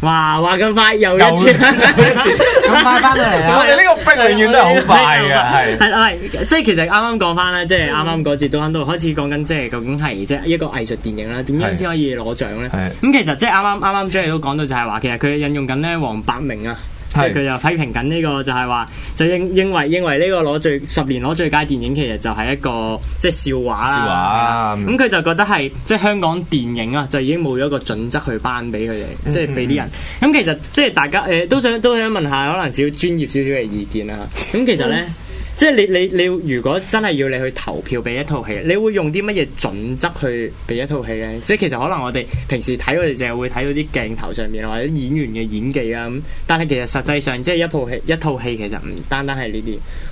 哇哇咁快又一次，咁快翻翻嚟，我哋呢個飛永遠都係好快嘅，係係啦，即係其實啱啱講翻咧，即係啱啱嗰節都喺度開始講緊，即係究竟係即係一個藝術電影啦，點樣先可以攞獎咧？咁其實即係啱啱啱啱出嚟都講到就係話，其實佢，就是，引用緊咧黃百鳴啊。即係佢就批評緊呢個，就係話就認認為認為呢個攞最十年攞最佳電影，其實就係一個即係笑話啦，笑話。咁佢就覺得係即係香港電影啊，就已經冇咗一個準則去頒俾佢哋，即係俾啲人。咁其實即係大家誒、呃、都想都想問下，可能少專業少少嘅意見啦。咁其實咧。嗯即係你你你，你你如果真係要你去投票俾一套戲，你會用啲乜嘢準則去俾一套戲呢？即係其實可能我哋平時睇佢哋淨係會睇到啲鏡頭上面或者演員嘅演技啊。咁但係其實實際上即係一套戲，一套戲其實唔單單係呢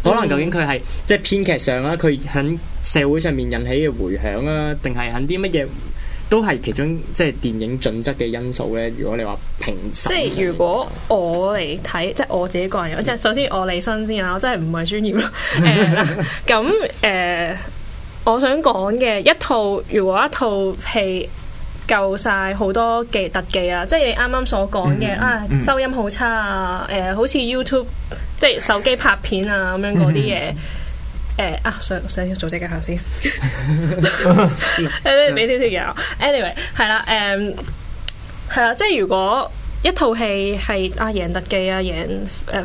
啲，可能究竟佢係即係編劇上啦，佢響社會上面引起嘅回響啊，定係響啲乜嘢？都係其中即係電影準則嘅因素咧。如果你話平時，即係如果我嚟睇，即係我自己個人，嗯、即係首先我嚟身先啦，嗯、我真係唔係專業咯。咁誒，我想講嘅一套，如果一套戲夠晒好多技特技啊，即係你啱啱所講嘅、嗯、啊，收音好差啊，誒、嗯，好似、嗯、YouTube 即係手機拍片啊咁樣嗰啲嘢。嗯嗯誒啊！上上條組織一下先，誒俾呢條友。anyway 係、um、啦，誒係啦，即係如果一套戲係阿贏特技啊，贏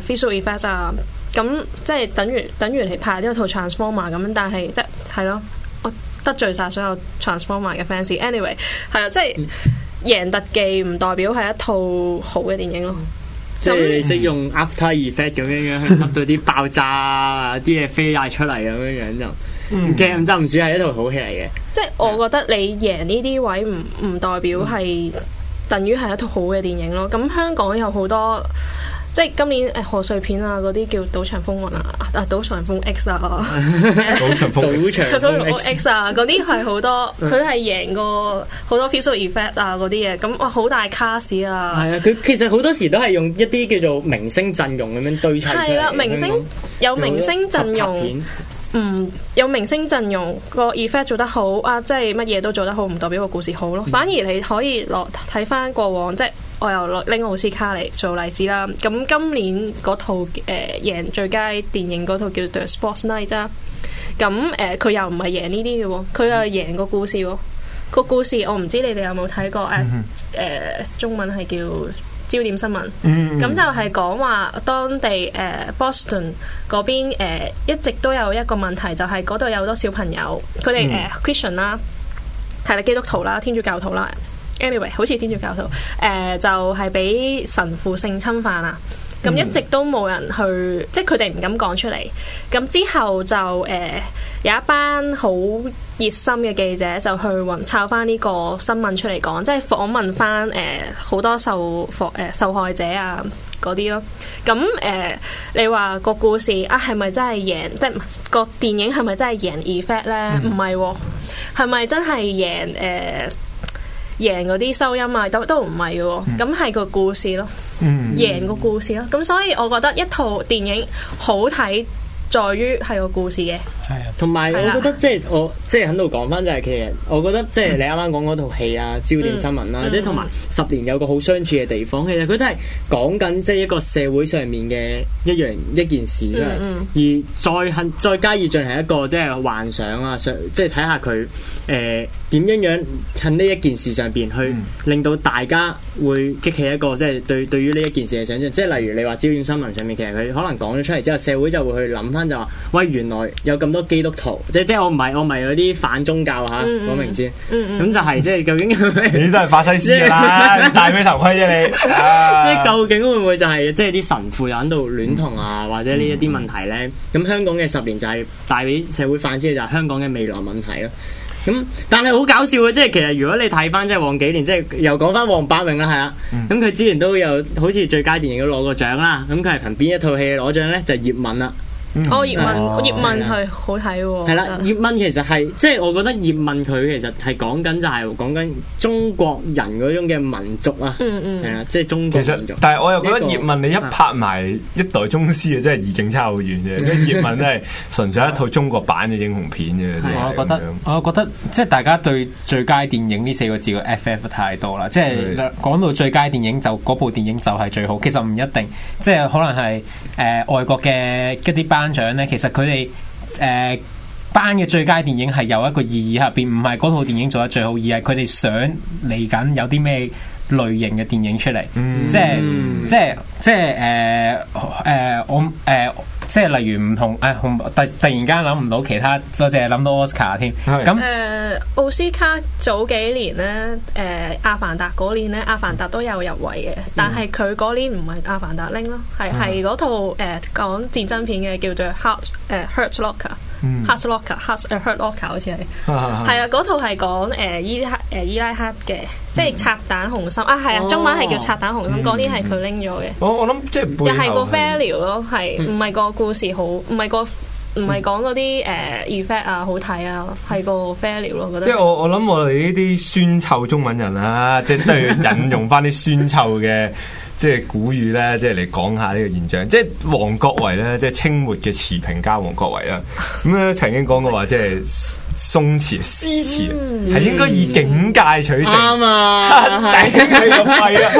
誒 physical effect 啊，咁即係等於等於嚟拍呢個套 transformer 咁，但係即係係咯，我得罪晒所有 transformer 嘅 fans。anyway 係啦，即係贏特技唔代表係一套好嘅電影咯。即係你識用 After Effect 咁樣樣去執到啲爆炸 啊，啲嘢飛晒出嚟咁 樣樣就唔驚就唔止係一套好戲嚟嘅。即係我覺得你贏呢啲位唔唔代表係等於係一套好嘅電影咯。咁香港有好多。即係今年誒賀、哎、歲片啊，嗰啲叫賭、啊啊《賭場風雲》啊，《賭場風 X》啊，《賭場風賭場風 X》啊，嗰啲係好多，佢係贏過好多 p i s i a l effect 啊嗰啲嘢，咁哇好大卡 a 啊，係啊，佢其實好多時都係用一啲叫做明星陣容咁樣堆砌嘅，係啦、啊，明星說有明星陣容。嗯，有明星陣容、個 effect 做得好啊，即係乜嘢都做得好，唔代表個故事好咯。反而你可以落睇翻過往，即係我又攞拎奧斯卡嚟做例子啦。咁今年嗰套誒、呃、贏最佳電影嗰套叫做《Sports Night》啊，咁誒佢又唔係贏呢啲嘅喎，佢又贏個故事喎。嗯、個故事我唔知你哋有冇睇過誒誒、嗯哼啊呃、中文係叫。焦點新聞，咁、嗯、就係講話當地誒、呃、Boston 嗰邊誒一直都有一個問題，就係嗰度有好多小朋友，佢哋誒 Christian 啦，係啦基督徒啦，天主教徒啦，anyway 好似天主教徒，誒、呃、就係、是、俾神父性侵犯啦！咁一直都冇人去，即係佢哋唔敢講出嚟。咁之後就誒、呃、有一班好熱心嘅記者就去揾抄翻呢個新聞出嚟講，即係訪問翻誒好多受防誒、呃、受害者啊嗰啲咯。咁、呃、誒你話個故事啊係咪真係贏？即、就、係、是、個電影係咪真係贏？effect 咧？唔係、嗯，係咪真係贏？誒、呃？贏嗰啲收音啊，都都唔係嘅，咁係個故事咯，mm. 贏個故事咯，咁所以我覺得一套電影好睇在於係個故事嘅。係啊，同埋我覺得的即係我即係喺度講翻就係其實我覺得即係你啱啱講嗰套戲啊，嗯《焦點新聞》啦、嗯，即係同埋十年有個好相似嘅地方，其實佢都係講緊即係一個社會上面嘅一樣一件事啦，嗯嗯、而再肯再加以進行一個即係幻想啊，上即係睇下佢誒點樣樣喺呢一件事上邊去令到大家會激起一個即係對對於呢一件事嘅想象，即係例如你話焦點新聞上面其實佢可能講咗出嚟之後，社會就會去諗翻就話，喂原來有咁多。，基督徒即即我唔係我唔係有啲反宗教嚇講、嗯嗯、明先，咁、嗯、就係、是、即究是竟你都係法西斯戴咩 頭盔啫你？ 啊、即究竟會唔會就係、是、即啲神父又喺度戀童啊，嗯、或者呢一啲問題咧？咁、嗯、香港嘅十年就係帶俾社會反思嘅就係、是、香港嘅未來問題咯、啊。咁但係好搞笑嘅，即其實如果你睇翻即往幾年，即又講翻黃百鳴啦，係啊，咁佢、嗯、之前都有好似最佳電影都攞過獎啦。咁佢係憑邊一套戲攞獎咧？就是、葉問啦。哦葉問葉問係好睇喎，係啦葉問其實係即係我覺得葉問佢其實係講緊就係講緊中國人嗰種嘅民族啊，嗯嗯係啊即係中國。其實但係我又覺得葉問你一拍埋一代宗師啊，真係意境差好遠嘅。葉問真係純粹一套中國版嘅英雄片啫。我覺得我覺得即係大家對最佳電影呢四個字嘅 FF 太多啦，即係講到最佳電影就部電影就係最好，其實唔一定，即係可能係誒外國嘅一啲。頒獎咧，其實佢哋誒班嘅最佳電影係有一個意義下邊，唔係嗰套電影做得最好，而係佢哋想嚟緊有啲咩類型嘅電影出嚟。嗯，即係即係即係誒誒我誒。呃即係例如唔同，誒，突突然間諗唔到其他，我淨係諗到 Oscar 添是。咁誒那、呃，奧斯卡早幾年咧，誒、呃，《阿凡達》嗰年咧，《阿凡達》都有入圍嘅，但係佢嗰年唔係《阿凡達》拎咯，係係嗰套誒、呃、講戰爭片嘅叫做 Heart、呃《Hurt》誒《Hurt Locker》。Hurt Locker, Hurt, Hurt Locker 好似係，係 啊，嗰套係講誒伊誒伊拉克嘅，即係拆彈紅心啊，係啊，中文係叫拆彈紅心，嗰啲係佢拎咗嘅。我我諗即係又係個 fail 咯，係唔係個故事好，唔係、嗰個唔係講嗰啲誒 effect 啊好睇啊，係個 fail 咯，我覺得。即係我我諗我哋呢啲酸臭中文人啊，即係都要引用翻啲酸臭嘅。 即係古語咧，即係嚟講下呢個現象。即係王國維咧，即係清末嘅詞評家王國維啦。咁咧曾經講過話，即係宋詞詩詞係應該以境界取勝。啱啊，係係咁係啊，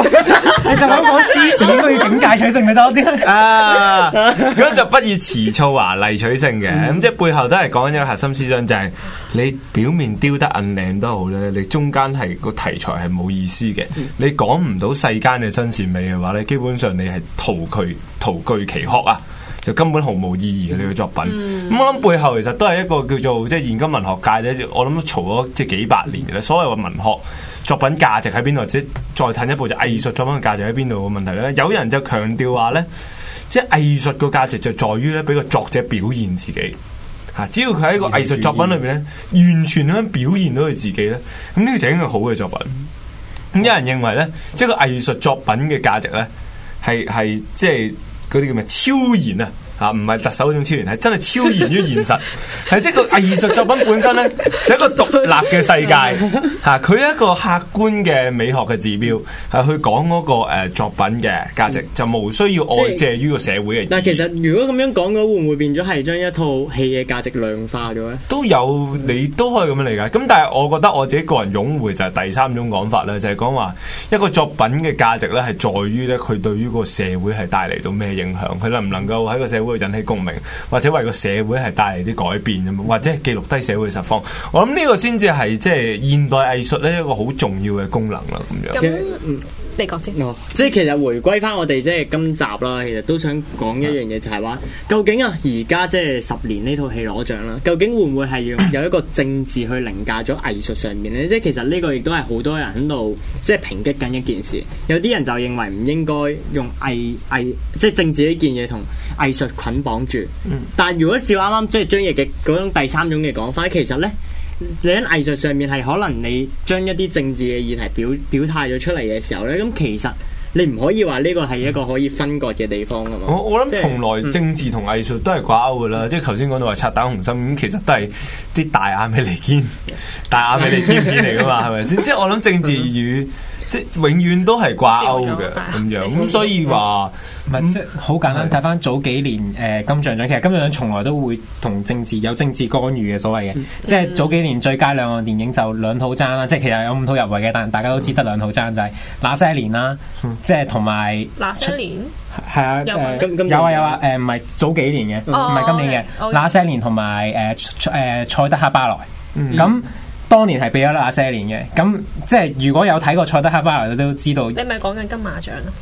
你就咁講詩詞應該以境界取勝咪多啲啊。咁就不以辭藻華麗取勝嘅。咁即係背後都係講緊一個核心思想，就係你表面雕得銀靚都好咧，你中間係個題材係冇意思嘅，你講唔到世間嘅真善美。嘅話咧，基本上你係徒具徒具其殼啊，就根本毫無意義嘅呢個作品。咁、嗯、我諗背後其實都係一個叫做即係現今文學界咧，我諗都吵咗即係幾百年嘅所謂嘅文學作品價值喺邊度，即再褪一步就藝術作品嘅價值喺邊度嘅問題咧。有人就強調話咧，即係藝術嘅價值就在於咧，俾個作者表現自己吓。只要佢喺個藝術作品裏邊咧，完全咁樣表現到佢自己咧，咁呢個就應該好嘅作品。有人認為咧，即係個藝術作品嘅價值咧，係係即係嗰啲叫咩超然啊！啊，唔係特首嗰種超，超然，係真係超然於現實，係 即個藝術作品本身咧，就係一個獨立嘅世界。吓、啊，佢一個客觀嘅美學嘅指標，係、啊、去講嗰、那個誒、呃、作品嘅價值，就無需要外借於個社會嘅、嗯。但其實如果咁樣講嘅，會唔會變咗係將一套戲嘅價值量化咗咧？都有，你都可以咁樣理解。咁但係我覺得我自己個人擁護就係第三種講法咧，就係講話一個作品嘅價值咧，係在於咧佢對於個社會係帶嚟到咩影響，佢能唔能夠喺個社會。會引起共鳴，或者為個社會係帶嚟啲改變，或者記錄低社會實況。我諗呢個先至係即係現代藝術咧一個好重要嘅功能啦。咁樣、嗯。你講即係其實回歸翻我哋即係今集啦，其實都想講一樣嘢，就係，就係話究竟啊，而家即係十年呢套戲攞獎啦，究竟會唔會係用有一個政治去凌駕咗藝術上面呢？即係其實呢個亦都係好多人喺度即係抨擊緊一件事。有啲人就認為唔應該用藝藝即係政治呢件嘢同藝術捆綁住。嗯，但係如果照啱啱即係張亦嘅嗰種第三種嘅講法，其實呢。你喺藝術上面係可能你將一啲政治嘅議題表表態咗出嚟嘅時候咧，咁其實你唔可以話呢個係一個可以分割嘅地方噶嘛。我我諗從來政治同藝術都係掛鈎噶啦，即係頭先講到話拆彈雄心咁，其實都係啲大眼咪嚟堅，大眼咪嚟堅嘅嚟噶嘛，係咪先？即係我諗政治與。即永遠都係掛勾嘅咁樣，咁所以話唔係即係好簡單睇翻早幾年誒金像獎，其實金像獎從來都會同政治有政治干預嘅所謂嘅，即係早幾年最佳兩岸電影就兩套爭啦，即係其實有五套入圍嘅，但係大家都知得兩套爭就係那些年啦，即係同埋那些年係啊，有啊有啊，誒唔係早幾年嘅，唔係今年嘅那些年同埋誒誒賽德克巴萊咁。當年係俾咗《那些年》嘅，咁即係如果有睇過《賽德克巴萊》，都知道。你咪講緊金馬獎咯？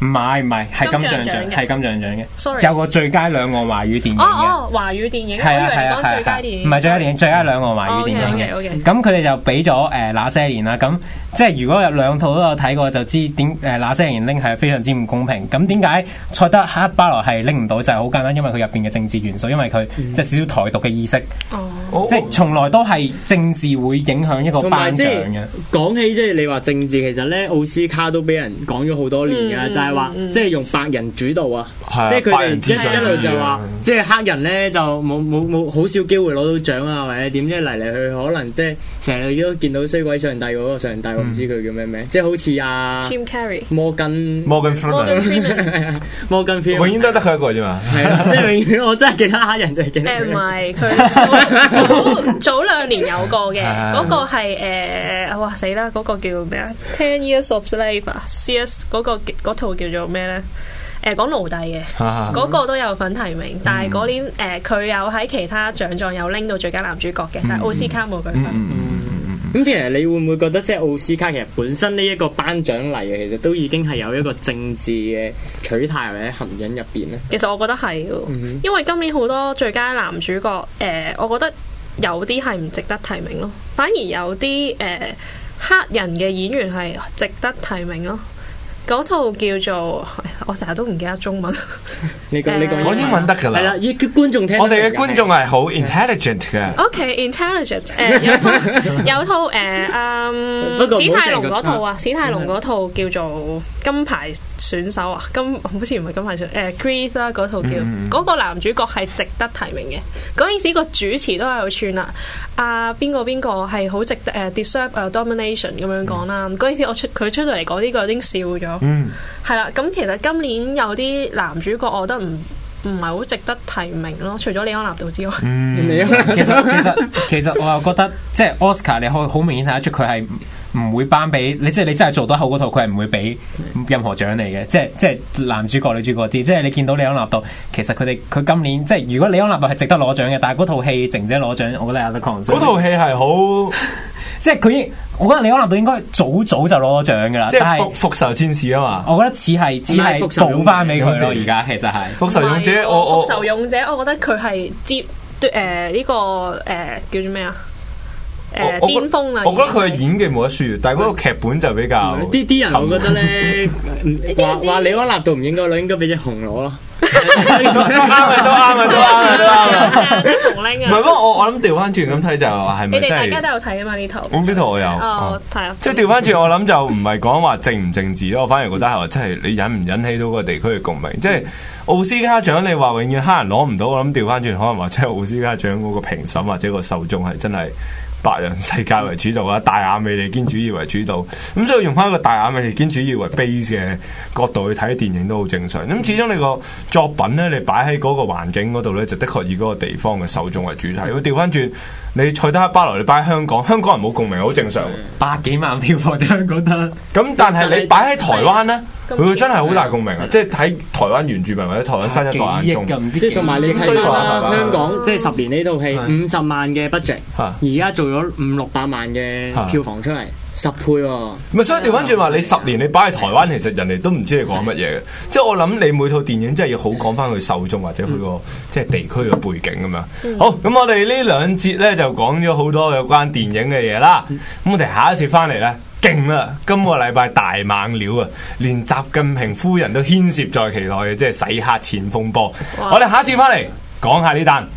唔係唔係，係金像獎，係金像獎嘅。Sorry，有個最佳兩岸華語電影嘅。哦哦，華語電影係啊係啊，最啊，電影唔係最佳電影，啊啊、最佳兩岸華語電影嘅。O 咁佢哋就俾咗誒《那些年》啦。咁即係如果有兩套都有睇過，就知點誒、呃《那些年》拎係非常之唔公平。咁點解《賽德克巴萊》係拎唔到？就係、是、好簡單，因為佢入邊嘅政治元素，因為佢即係少少台獨嘅意識。哦。Oh. 即係從來都係政治會影響一個頒獎嘅。講起即係你話政治，其實咧奧斯卡都俾人講咗好多年噶就係話即係用白人主導啊，即係佢哋只係一路就話，即係黑人咧就冇冇冇好少機會攞到獎啊，或者點即係嚟嚟去去，可能即係成日都見到衰鬼上帝嗰個上帝，我唔知佢叫咩名，即係好似啊 Jim Carrey、摩根、摩根、摩根，永遠都得佢一個啫嘛。即係永遠我真係記得，黑人就係誒唔係佢。 早，早兩年有過嘅，嗰 個係誒、呃，哇死啦！嗰、那個叫咩啊？Ten Years of Slavery，CS 嗰、那個、套叫做咩呢？誒、呃、講奴隸嘅，嗰 個都有份提名，但係嗰年誒佢、 呃、有喺其他獎狀有拎到最佳男主角嘅，但係 Oscar 冇佢份。咁其實你會唔會覺得即係奧斯卡其實本身呢一個頒獎禮嘅其實都已經係有一個政治嘅取態或者含影入邊呢？其實我覺得係、嗯、哼因為今年好多最佳男主角誒、呃，我覺得有啲係唔值得提名咯，反而有啲誒、呃、黑人嘅演員係值得提名咯，嗰套叫做。我成日都唔記得中文。你講你講，我英文得㗎喇。係啦、呃，要叫觀眾聽。我哋嘅觀眾係好 intelligent、嗯 okay, intelligent 嘅。OK，intelligent。誒，有一套 有一套誒，嗯、呃，呃、 史泰龍嗰套啊， 史泰龍嗰套叫做金牌。選手啊，咁好似唔係金牌選，誒、啊、Grease 啦、啊、嗰套叫，嗰、嗯、個男主角係值得提名嘅。嗰陣時個主持都有串啦、啊，啊，邊個邊個係好值得誒、uh, deserve a domination 咁樣講啦、啊。嗰陣時我出佢出到嚟講呢個已經笑咗，嗯，係啦。咁其實今年有啲男主角我覺得唔唔係好值得提名咯，除咗李安納度之外，嗯 其，其實其實其實我又覺得即係 Oscar 你可以好明顯睇得出佢係。唔會頒俾你，即係你真係做到好套，佢係唔會俾任何獎你嘅。即係即係男主角、女主角啲，即係你見到李安納度，其實佢哋佢今年即係如果李安納度係值得攞獎嘅，但係嗰套戲淨姐攞獎，我覺得有得 h e 嗰套戲係好，即係佢，我覺得李安納度應該早早就攞咗獎噶啦，即係復仇戰士啊嘛。我覺得似係只係補翻俾佢而家其實係復仇勇者，我復仇勇者，我，我，我覺得佢係接誒呢個誒叫做咩啊？呃呃誒，巔峰啦！我覺得佢嘅演技冇得輸，但係嗰個劇本就比較啲啲人我覺得咧，話話李安納度唔應該攞，應該俾隻熊攞咯，啱咪都啱咪都啱咪都啱啦，係啊啲紅唔係咁我我諗調翻轉咁睇就係咪真係？大家都有睇啊嘛呢套，呢套我有，即係調翻轉我諗就唔係講話政唔政治咯，我反而覺得係即係你引唔引起到個地區嘅共鳴，即係奧斯卡獎你話永遠黑人攞唔到，我諗調翻轉可能話即係奧斯卡獎嗰個評審或者個受眾係真係。白人世界為主導啊，大亞美利堅主義為主導，咁所以用翻一個大亞美利堅主義為 base 嘅角度去睇電影都好正常。咁始終你個作品咧，你擺喺嗰個環境嗰度咧，就的確以嗰個地方嘅受眾為主題。如果調翻轉，你去得巴羅，你擺喺香港，香港人冇共鳴，好正常，百幾萬票房香港得。咁但係你擺喺台灣咧，佢會真係好大共鳴啊！即係喺台灣原住民或者台灣新一代啊，億㗎，唔知幾衰啦。即係同埋你香港即係十年呢套戲五十萬嘅 budget，而家做咗。五六百萬嘅票房出嚟，啊、十倍、哦。咪所以調翻轉話， 你十年你擺喺台灣， 其實人哋都唔知你講乜嘢嘅。 即係我諗，你每套電影真係要好講翻佢受眾或者佢個即係地區嘅背景咁樣。 好，咁我哋呢兩節呢就講咗好多有關電影嘅嘢啦。咁 我哋下一次翻嚟呢，勁啦！今個禮拜大猛料啊，連習近平夫人都牽涉在其內嘅，即係洗黑錢風波。 我哋下次一次翻嚟講下呢單。